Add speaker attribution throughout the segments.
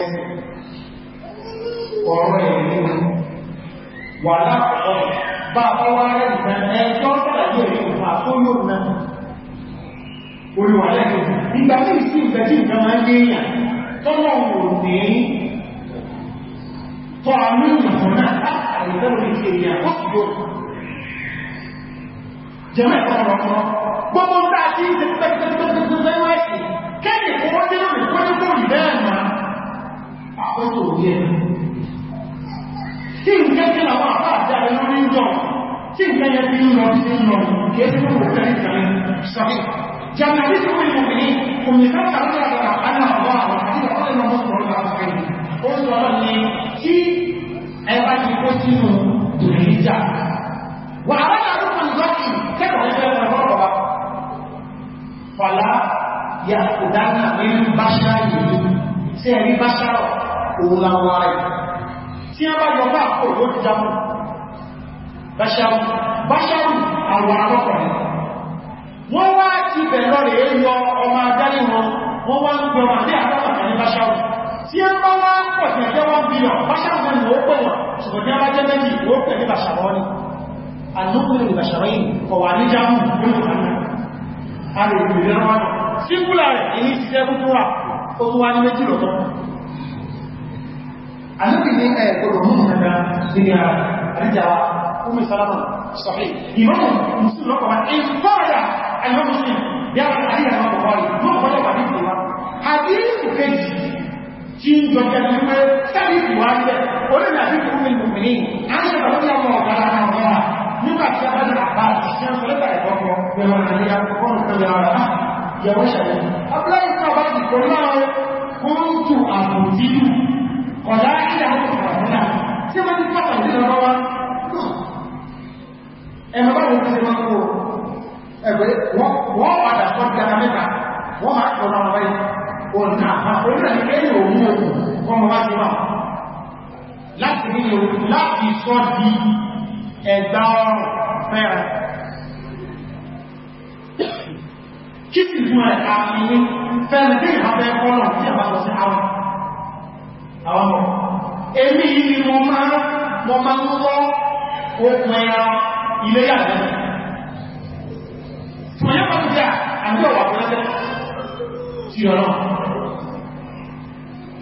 Speaker 1: ọ̀rọ̀ ìlú wà lápọ̀ bá fọwọ́ rẹ̀ nìkan ẹjọ́ tàbí ìfà tó yóò na olùwà lẹ́gbẹ̀ẹ́ nígbà tí ìsí ìfẹ́ ìjọ máa ń yé èèyàn tọ́lọ̀ wò ní tọ́ àmì ìfún náà àìfẹ́ orí ti èèyàn tó sì jẹ́mẹ́ ìfọ́nà ọmọ gbogbo ń mọ́tò orí ẹ̀ tí nǹkan tí àwọn àpá àti àrẹ́lú ní jọ tí nǹkan yẹ bí lọ sí lọ kéèkì tó kò tẹ́lẹ̀ tẹ́lẹ̀ sọ́kì jẹ́mẹ̀ àti tó wọ́n mọ̀ ní òmìnira àwọn àwọn àwọn àwọn àwọn àti àwọn ẹ̀nà mọ́tò ọ̀rọ̀ àwọn àfẹ́ ó sọ ọ́ ní tí ẹ bá ti kó sínú tòlẹ́jà wà á rẹ̀ àwọn ọmọdé kẹ́kọ̀ọ́ ẹgbẹ́ ẹ̀rọ ọ̀rọ̀ fàlà yà kò dáná ní báṣá yìí sí ẹ̀rí báṣá ọ̀ òun láwọn ara a bá yọ bá kò ló jámù báṣáwù báṣáwù àwọn arọ́kọ̀ọ́ wọ́n wá ibẹ̀ lọ́rẹ̀ yọ ọmọ adáyé wọn wọ́n wá ń gbẹ̀rọ àti àkọ́kọ̀ọ́ ní báṣáwù tí a bá wá pọ̀ sí ẹjẹ́ wọ́n bí yọ báṣáwù ni ó pẹ̀ wọ́n ṣùgbọ́n tí a bá jẹ́ méjì ó pẹ̀ ní bàṣàwọ́ ni a lè gbèrè wọn síkúlà rẹ̀ èyí ti jẹ́ kúkúrà ó tún wá ní méjì lọ́tọ́ Ànábì ní ẹ̀ gbogbo mú nana nínú ara àríjáwá Umu Salama sọ̀fẹ́. Ìmọ́mù Mùsùlùmí lọ́kọ̀ wá ní fọ́ọ̀dà àìmọ́ Mùsùlùmí bí àwọn àríyà àwọn ọkọ̀ wáyé mọ́ ọ̀pọ̀lọ́ wà ní ìwá. Àdírísù kejì tí ń jọ jẹ́ wípé sẹ́rí ìwà jẹ́ orílẹ̀ àti ìwúmi lùmìnì, a ń ṣe pàtàkì àwọn ọ̀gá ara àwọn ọ̀gá nígbà tí a bá ní àbá àti ṣe ń sọ lẹ́tà ìkọ́kọ́ pẹ̀lú àríyá kọ́kọ́ nǹkan yára yẹ̀wọ́ ṣẹlẹ̀ kọ̀lá ilẹ̀ àwọn ọ̀rọ̀ náà tí wọ́n ti pàtàkì lọ́wọ́ wá ẹ̀mọ́ bá wọ́n ti ṣe máa ń kó ẹgbẹ́ wọ́n padà sọ ti ara mẹ́ta wọ́n máa kọ̀ náà wáyé ọ̀nà àkọlẹ̀ ẹ̀yìn òun òkun kọ́mọ wá sí máa láti ní òun láti sọ di ẹ̀gbà ọrùn fẹ́ra kí ti fún ẹ̀ka ìyẹn fẹ́rẹ̀ bí ìhàbẹ́ kọ́nà tí a bá sọ sí àwọn àwọn ọmọ èmi yìí mo máa mọ máa ń lọ okùn ẹran ilé yàtọ̀ tòyẹ́ pàtó bí àbí ọ̀wà pẹ́lẹ́ sí ọ̀rọ̀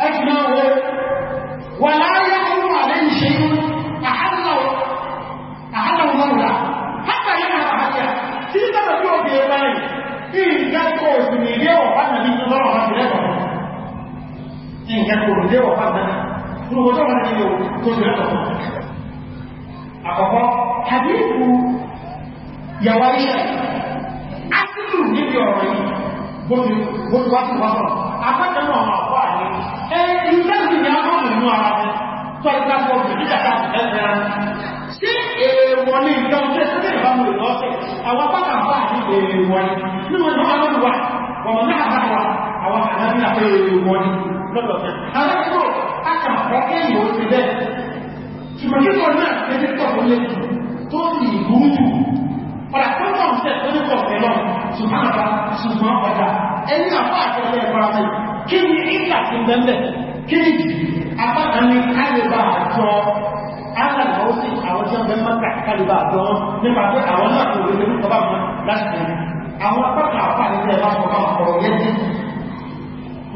Speaker 1: ẹ̀kì náà wọ́n wà láàrín ìyẹn kò lè wọ̀ fáwọn náà nínú ọjọ́ wọn ni yóò tó lè lọ fún àkọ́kọ́ hadithu yàwá iṣẹ́ asìlù níbi ọ̀rọ̀ yìí gbogbo wá sí wá sọ̀rọ̀ apẹ́tẹ̀ náà wà wà ní ẹ ni níwọ̀n ni wà wọ̀n náà bá wà kan ní àpẹẹrẹ ìlú wọn ní lọ́dọ̀ sí àwọn ẹgbẹ́ àkà ọkẹ́ ìlú ti bẹ́ ṣùgbọ́n kí wọn náà ṣe ní pọ̀ lé tó sì gúúdù ọ̀rà tó mọ̀ ṣẹ̀ tó ní pọ̀ pẹ̀lọ́ ṣùgbọ́n ọ̀dà ṣùgbọ́n ọ̀dà ẹni àpá àtẹ̀lẹ́ ẹ̀kọ́ àti kí ni ìgbà ti bẹ́ẹ̀ kí ni apá kan ní kálíbà àjọ alàgbà ó sì àwọn tí wọ́n bẹ́ mọ́ta kálíbà àjọ nípa pé àwọn náà kò lè ní ọba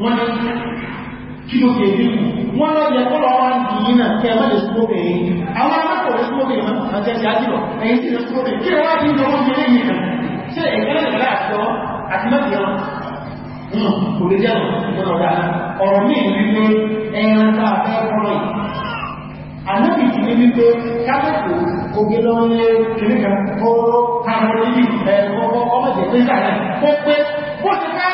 Speaker 1: wọ́n kí ló ṣe bí wọ́n lọ yẹ kọ́lọ̀ wá ń di yínà kí a má lè súnmọ́ bẹ̀rẹ̀ yìí àwọn akọ́kọ̀ lè súnmọ́ bẹ̀rẹ̀ máa jẹ́ sí ájúlọ̀ ẹ̀yìn sí lè súnmọ́ bẹ̀rẹ̀ kí wọ́n wá bí i lọ́wọ́ jẹ́ lẹ́yìn kan ṣe ẹ̀gbẹ́ rẹ̀ láàṣọ àti mẹ́bìí wọn kò lè jẹ́ ọ̀dà ọ̀rọ̀ míì wípé ẹran tá a fẹ́ kọ́lọ̀ yìí ànábì ti ní wípé kápẹ́kù ogé lọ ní kìnnìkan kó kàmọ́ lórí ẹ̀kọ́ ọmọdé pé sàrẹ̀ kó pé bó ti ká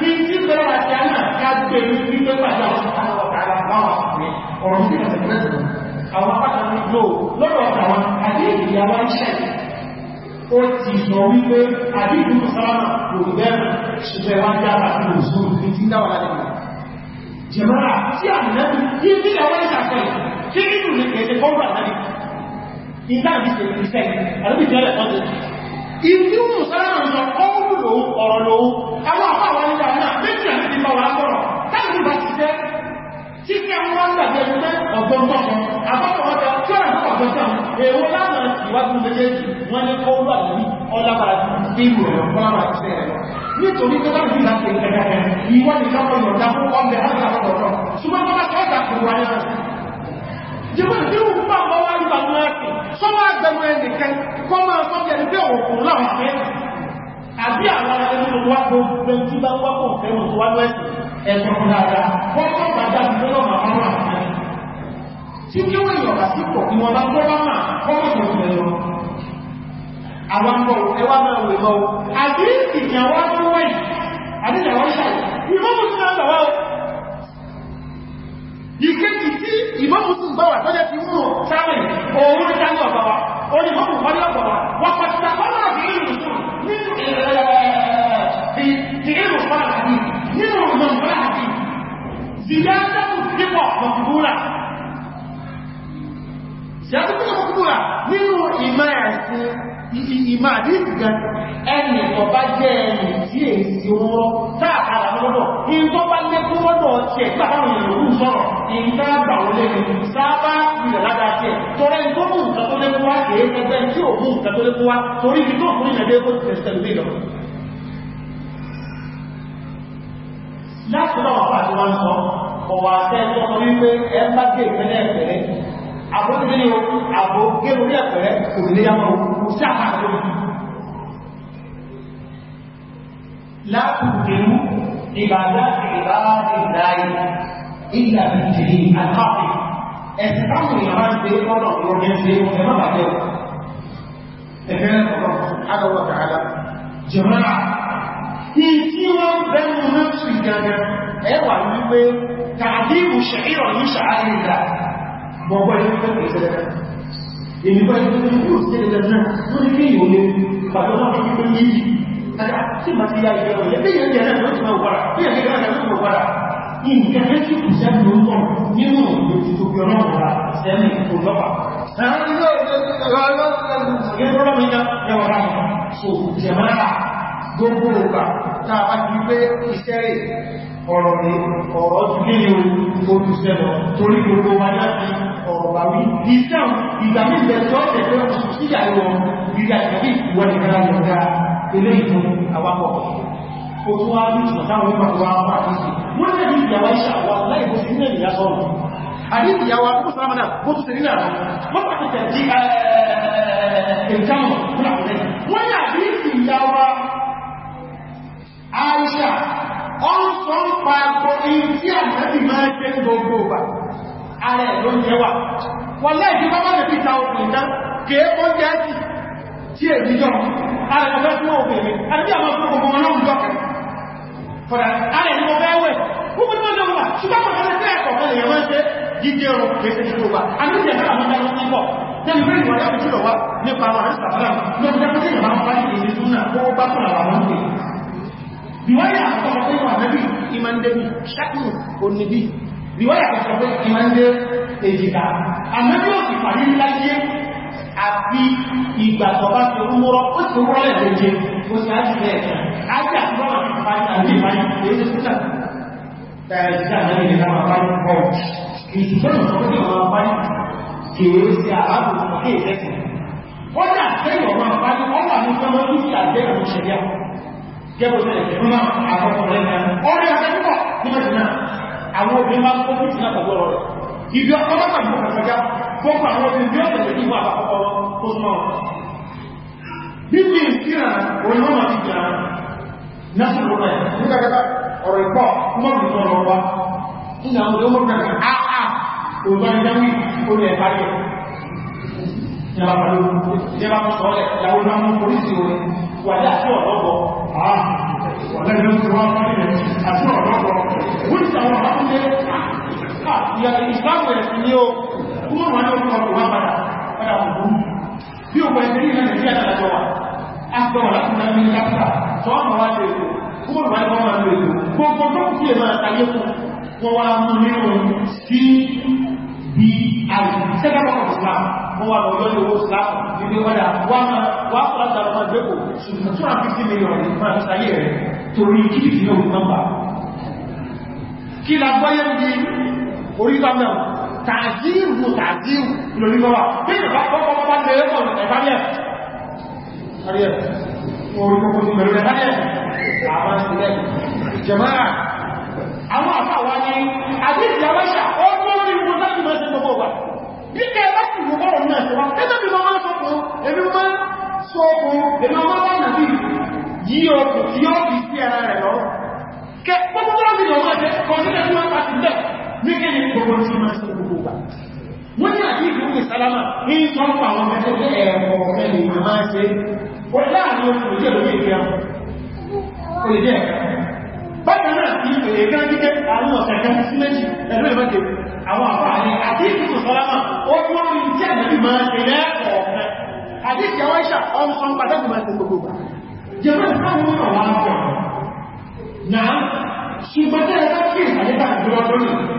Speaker 1: ní tí bẹ́ẹ̀ wà sí àná kí a gbé ní ní pé pàdé àwọn ọ̀sán ọ̀tàrà báwọn ọ̀sán ọ̀rọ̀ sí ẹ̀sẹ̀ pẹ́sẹ̀ àwọn apáta ní lò lọ́dọ̀ àwọn àdéhùn ìyàwó iṣẹ́ ó ti sọ wípé àdéhùn sálámà kò bẹ́ẹ̀ ṣùgbẹ́ wá já àti òṣù ní tí dáwà lẹ́yìn jẹ̀mọ́ra tí àmì náà ní tí ìyàwó ìṣàkọ́ èwo láwọn ìwádìí méjèèjì wọ́n ní kọ́ wà ní ọlábàá tí ìlú ẹ̀rọ fọ́nàmà ti ẹ̀rọ nítorí tó bá nígbà tí ẹ̀rọ ìwọ́n ni kápọ̀ ìyọ̀dá fún ọmọ ẹ̀rọ àkọ́kọ́ ṣùgbọ́n wọ́n bá kẹ́ẹ̀dà kò wá náà jẹ́mọ́ tí ó ń bá ọmọ wá nígbà wọn ápì sọ́wọ́ agbẹ̀mọ́ ẹnìkan kọ́ máa sọ́ jẹ́ pé òkun láwọn afẹ́ àbí àwọn ẹni wá gbogbo ẹni tí bá wá kọ̀ fẹ́ràn tó wá lọ́ẹ̀sì ẹ̀sùn dáadáa wọ́n kọ́ bàjá ìgbẹ́lọ́mà ọmọ tí kí wọ́n yọ̀rọ̀ sí pọ̀ ní wọn bá kọ́ bá máa kọ́mọ̀ tó fẹ́ lọ àwọn ọmọ ẹwà máa wè lọ àdírísì ni àwọn ọmọ wáyìí àdírísì àwọn ṣàì ìmọ́mù sí náà lọ́wọ́ ìkéjì tí ìmọ́mù sí bá wà tó jẹ́ ti mú sáwọn òun ní sáwọn ọ̀bá wa ó ní mọ́mù wọ́n ní ọ̀bá wa wọ́n pàtí sàkọ́lá sí ìlú sùn nínú ìrìnlẹ̀ nínú ìmọ̀mù yàtọ̀ tó kọ́kọ́ kúrò nínú ìmá ẹ̀sìn ìmá àdíjì gan ẹni ọba jẹ́ ẹni tí èsì owó táàkàrà lọ́dọ̀ in tó bá lé fún lọ́dọ̀ ọ̀tí ẹ̀gbà táwọn èèyàn òun sọ̀rọ̀ in tá gbà ó lé ní sábà ìrẹ̀ ládàá tí ẹ̀ tọrẹ tó mú nǹkan tó lé fún wa kìí ẹgbẹ́ tí ò mú nǹkan tó lé fún wa torí ibi tó fún ìrìnàdé ó ti tẹ̀sẹ̀ lórí lọ láti lọ́wọ́ àti wọn sọ ọ̀wà àtẹ́ tó sọ wípé ẹ bá dé ìpínlẹ̀ ìpínlẹ̀ àbójúlé o àbò gẹ́rù ní ẹ̀pẹ̀rẹ́ kò ní yàmọ̀ sí àpàtàkì látùkẹ̀rù ìbàdá ìbáàdì ìdáyì ìlà ìjìrì àtàkì ẹ̀sẹ̀ táwọn èèyàn máa ń gbé ọ̀nà ọ̀rọ̀gẹ́ ṣe ọ̀fẹ́ má bàjẹ́ ẹ̀fẹ́ ọ̀rọ̀ alọ́wọ̀ tààlà jẹ̀mọ́ra ìtí wọ́n bẹ́nu náà sùn bọ́bọ́ ìpínlẹ̀ ìṣẹ́lẹ̀ ìgbà ìpínlẹ̀ ìṣẹ́lẹ̀ náà lórí kí ìwò ní bàbá náà kí ó yí tí ma ti yá ìjọba yẹ bí ìyẹn jẹ́ náà ti máa wà bí ìyẹn jẹ́ náà ti máa wà nǹkan tó ti kù sẹ́nu ló ń bọ̀ nínú ìlú tó fi ọlọ́run wà sẹ́nu tó lọ́pà gbogbo ọ̀pá tàbá ti pé ìṣẹ́rẹ̀ ọ̀rọ̀ ní ọ̀rọ̀ tí lè yóò tó ti sẹ́lọ̀ torí gbogbo wa láti ọ̀pá wí islam ìgbàmí ìbẹ̀tọ́ ní ìtàn ìgbà ní ìyàwó iṣẹ́ àwọn láì ìyàwó akókò sáà mọ́nà bó tún ààrẹ ló ń jẹ wà wọ́n lẹ́ẹ̀kí bá bá lè fi ta òkùn iná kèé oúnjẹ ẹ̀kì tí èdè jọ ààrẹ lọ fẹ́ fún òkùn èmi àti àwọn fún òkùn náà ń jọkẹ̀ fọ́dà ààrẹ ni mo fẹ́ wẹ̀ gbogbo náà lọ wà ṣùgbọ́n mo fẹ́ fẹ́ ẹ̀kọ́ mẹ́lẹ̀ wọ́n ṣe jíjẹ ọ̀rọ̀ kèé ti tó wà àmì ìjẹ̀mẹ́ àwọn ọmọ ẹ̀kọ́ pọ̀ tẹ́lẹ̀ bí ìwọ̀n dábì jùlọ wà nípa àwọn àrísà fúlàm lọ́wọ́ dábì jùlọ máa ń bá ìdè ní súnà kó bá fún àwọn ọmọ ìwé ìwọ́n yà àkọ́kọ́ fún ìwọ̀n nẹ́bì ìmọ̀ ń dẹ́bì ṣákùn òní ríwáyà kan sọ pé kí máa ń dé èjìká àmọ́ yóò sì parí láyé àti ìgbà tọba tó rúmọ́rọ́ ó sì rúmọ́rọ́ lẹ̀ méje ó sì á sì rẹ̀ ẹ̀kẹ́ ájì àtúrọ̀ àti àti ìbáyé èyí tó sọ́jà tẹ̀ẹ̀sì àmọ́ ìrìnà àbáyé pọ̀ ìtìjọ́nà tó ní ọmọ àbáyé kèé sí àbábò kéè lẹ́sìn kọ́jà tẹ́yìn ọmọ àbáyé ọ̀là ní sọmọ ní ti àgbẹ̀ àwọn ìṣẹ̀lẹ̀ gẹ́gbẹ́ sẹ́yìn fún àwọn ọ̀rẹ́ náà ọ̀rẹ́ ọ̀rẹ́ púpọ̀ nígbà tí náà àwọn obìnrin máa kó fún ìtìlá pẹ̀lú ọ̀rọ̀ ibi ọkọ̀ bá pàdé kàkàkà gbọ́pọ̀ àwọn obìnrin bí ọ̀rọ̀ lè nígbà àpapọ̀ tó súnmọ́ bíbí ìsìnà olóòmà ti jà násù lọ́nà ẹ̀ nígbà kẹta ọ̀rọ̀ ìpọ̀ mọ́bí tó lọ wá nínú àwọn olóòmà kẹta àà òbá ìdáwì orí ẹ̀ parí ẹ̀ ìjọba pàdé ìjọba sọ̀rọ̀ ìyàwó náà mú polisi orí wà láti ọ̀lọ́bọ̀ àà wà lẹ́yìn tó wá fún ilẹ̀ àti ọ̀lọ́bọ̀ wíṣà àwọn àwọn ilé ìyàtọ̀ ìsìláàmù ẹ̀sìn ní ó kúrò wọn ní orúkọ ọkùnrin padà padà kùkú bí òkú ẹgbẹ̀rẹ̀ ìlànà nàìjíríà tàbí wà agbọ̀wọ̀ láti máa ní kápítà tó ọmọ wá lè lò kúrò wọn ní ọmọ lè lò gbogbo tó kú èmà àtàyé fún wọn wá mú nínú cbi sẹ́gbẹ̀rẹ̀ ọkọ̀ ìsìláàmù wọ́n wà lọ́yọ́ ní owó ìsìláàmù nílé wọ́dà wọ́n wá fọ́lá kí la gbọ́yẹ́ bí orígbà náà tààzíìrù tààzíìrù lórí lọ́wà bí ìrọ̀bá kọ́kọ́ bá lè ẹ̀kọ́ ẹ̀bálẹ̀ àríẹ̀ orí kọ́kọ́ tó mẹ̀rẹ̀ ẹ̀bálẹ̀ àwọn àṣìlẹ̀ jẹ̀máà àwọn àfáà wá ní gbogbo gbà wọ́n ní àti ìlú ní sálámà ní tọ́pọ̀ àwọn mẹ́tọ́ ní ẹ̀rọ mẹ́lẹ̀ ìlú máa ṣe wọ́n láàrin oṣù jẹ́ lórí ìfẹ́ olè jẹ́ bákan náà ti ìpèrè gán jíjẹ́ àwọn ọ̀sẹ̀kẹ́ sí méjì ẹ̀lú ìmọ́jẹ́ àwọn àfààní àti ìlú sálámà ó tún rí jẹ́ lórí máa ṣe lẹ́ẹ̀kọ̀ọ̀kan àti ìjẹwọ́ ìṣà ọmọ sọ pàtàkì máa ṣe gbogbo gbà jẹ́mọ́ ìfáwọn ọ̀wọ́ àwọn ọ̀nà ṣùgbọ́n tẹ́lẹ̀ bá kí ìsàlẹ́ta ìjọba lónìí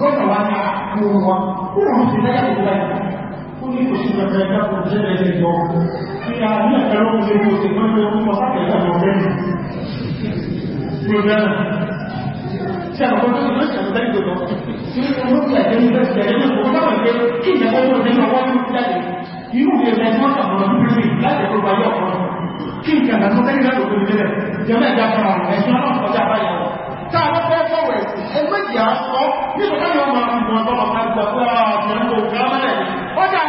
Speaker 1: wọ́n wá ní àwọn wọn kó wọ́n ti lẹ́yà tó wáyé ó ní kò sí ọ̀pẹ̀ ẹ̀dá kò jẹ́ ẹ̀jẹ̀ jọ kí a ní ẹ̀kẹ́ sí mọ́jọ́ tó mọ́ sáfẹ́ ẹ̀dá lọ bẹ́ẹ̀ problema tí a kọ́ tó ti lọ́sẹ̀ ọ̀dá ìgbòdọ̀ tí ó mọ́ sí ẹ̀jẹ̀ ní bẹ́ẹ̀ ẹ̀jẹ̀ náà kò ọ̀rọ̀ ẹ̀sìn ẹgbẹ́jì àṣọ nígbà táwọn ọmọ àwọn ọmọ ọmọ ọmọ àgbà fún ara ọ̀sẹ̀ ń bò ká mẹ́rẹ̀ ọjà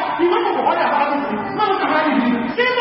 Speaker 1: ìmọ̀